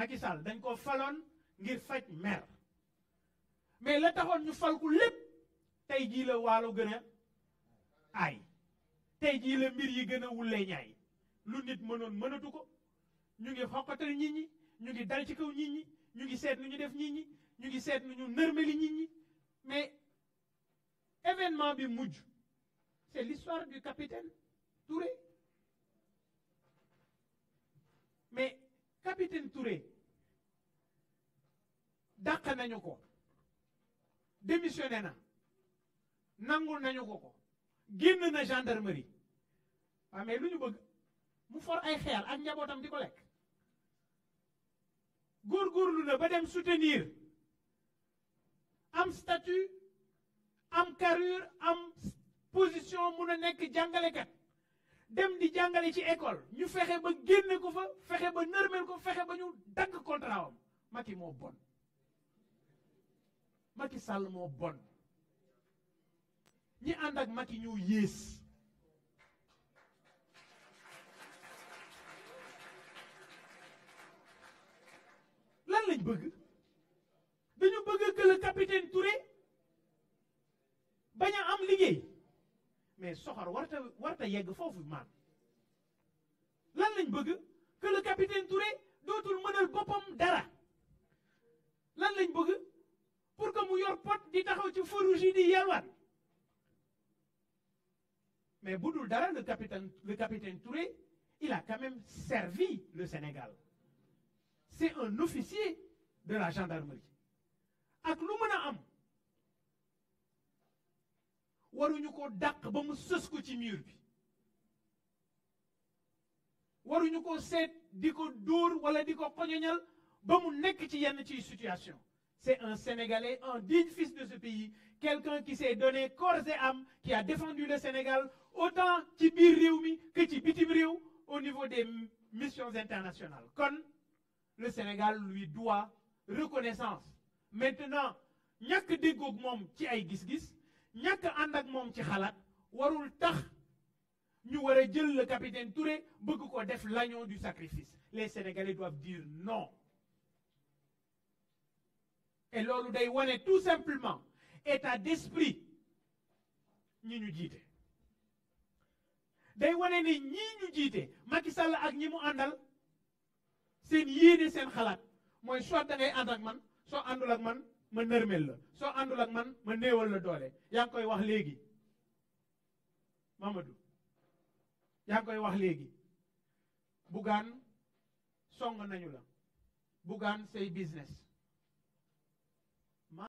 Macky Sall dañ ko faloon ngir fajj mer mais la taxone ñu fal ko lepp tay ji le walu gën ay tay ji le mbir yi gën wulé ñay lu nit mënon mënatu ko ñu ngi xokkatal nit ñi ñu ngi dal ci kaw nit ñi ñu ngi sét nu ñu def nit ñi ñu ngi sét nu ñu nërmeli nit ñi mais événement bi mujj c'est l'histoire du capitaine Touré capitaine Touré dàq nañu ko démissionné na nangul nañu ko ko génn na gendarmerie waaw ah, mais bëgg mu for ay xeer ak njabootam di ko lekk góorgóorlu na ba dem soutenir am statut am carrure am position mun a nekk jàngalekat dem di jàngale ci école ñu fexe ba génne ko fa fexe ba nërmeel ko fexe ba ñu dagg contrat am Macky moo bon Macky Sall moo bon ñi ànd ak Macky ñoo yées lan bëgg defar warta warta yegg fofu man lan lañ bëgg que le capitaine Touré dootul mënal boppam dara lan lañ bëgg pour que mu yor pot di taxaw ci feu rouge di mais budul dara le capitaine le capitaine Touré il a quand même servi le Sénégal c'est un officier de la gendarmerie c'est un Sénégalais un digne fils de ce pays quelqu'un qui s'est donné corps et âme qui a défendu le Sénégal autant ci que au niveau des missions internationales le Sénégal lui doit reconnaissance maintenant ñàkk déggoog moom ci ay gis-gis ñàkk ànd ak ci warul tax ñu le capitaine Touré bëgg def l'agneau du sacrifice les Sénégalais doivent dire non et tout simplement état d'esprit ñi ñu jiite day wane ni ñii ñu jiite ak ñi mu seen seen da ngay ma nërmel la soo àndul ak man ma néewal la doole yaa ngi koy wax léegi Mamadou yaa ngi koy wax léegi Bougane song nañu la Bougane sey business